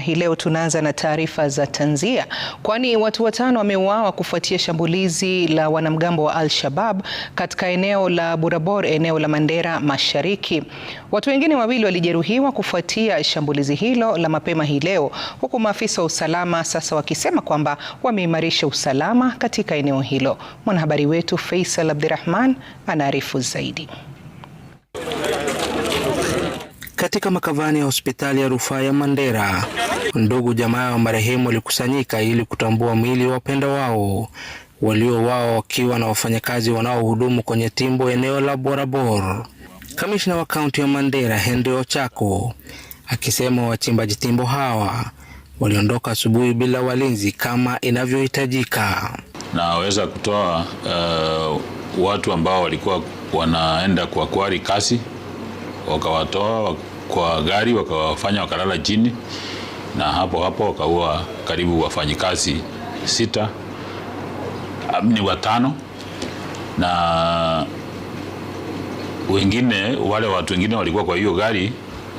Hii leo tunaanza na taarifa za tanzia, kwani watu watano wameuawa kufuatia shambulizi la wanamgambo wa Al-Shabab katika eneo la Burabor, eneo la Mandera Mashariki. Watu wengine wawili walijeruhiwa kufuatia shambulizi hilo la mapema hii leo, huku maafisa wa usalama sasa wakisema kwamba wameimarisha usalama katika eneo hilo. Mwanahabari wetu Faisal Abdirahman anaarifu zaidi katika makavani ya hospitali ya rufaa ya Mandera. Ndugu jamaa wa marehemu walikusanyika ili kutambua mwili wa wapenda wao waliouawa wakiwa na wafanyakazi wanaohudumu kwenye timbo eneo la Borabor. Kamishna wa kaunti ya Mandera Henry Ochako akisema wachimbaji timbo hawa waliondoka asubuhi bila walinzi kama inavyohitajika. Naweza kutoa uh, watu ambao walikuwa wanaenda kwa kwari kasi wakawatoa kwa gari wakawafanya wakalala chini, na hapo hapo wakaua karibu wafanyikazi sita ni watano na wengine wale watu wengine walikuwa kwa hiyo gari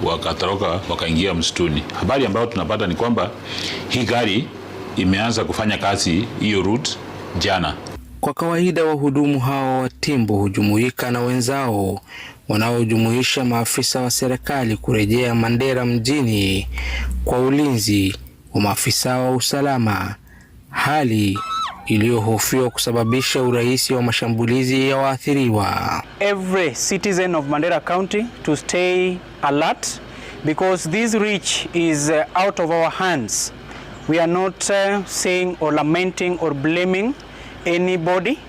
wakatoroka wakaingia msituni. Habari ambayo tunapata ni kwamba hii gari imeanza kufanya kazi hiyo route jana. Kwa kawaida wahudumu hao wa timbo hujumuika na wenzao wanaojumuisha maafisa wa serikali kurejea Mandera mjini kwa ulinzi wa maafisa wa usalama, hali iliyohofiwa kusababisha urahisi wa mashambulizi ya waathiriwa. Every citizen of Mandera County to stay alert because this reach is uh, out of our hands. We are not uh, saying or lamenting or blaming anybody,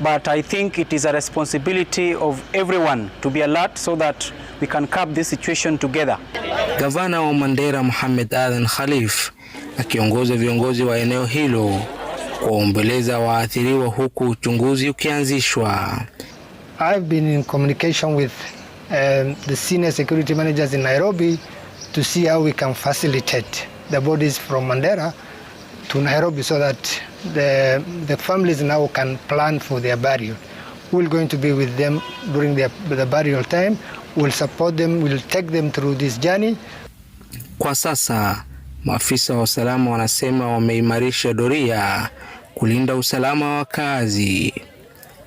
but I think it is a responsibility of everyone to be alert so that we can curb this situation together. Gavana wa Mandera Mohamed adhan Khalif akiongoza viongozi wa eneo hilo kuwaombeleza waathiriwa huku uchunguzi ukianzishwa. I've been in communication with um, the senior security managers in Nairobi to see how we can facilitate the bodies from Mandera to Nairobi so that the, the families now can plan for their burial. We're going to be with them during their, the burial time. We'll support them, we'll take them through this journey. Kwa sasa maafisa wa usalama wanasema wameimarisha doria kulinda usalama wa wakazi.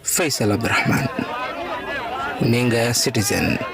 Faisal Abdurrahman, Ninga ya Citizen.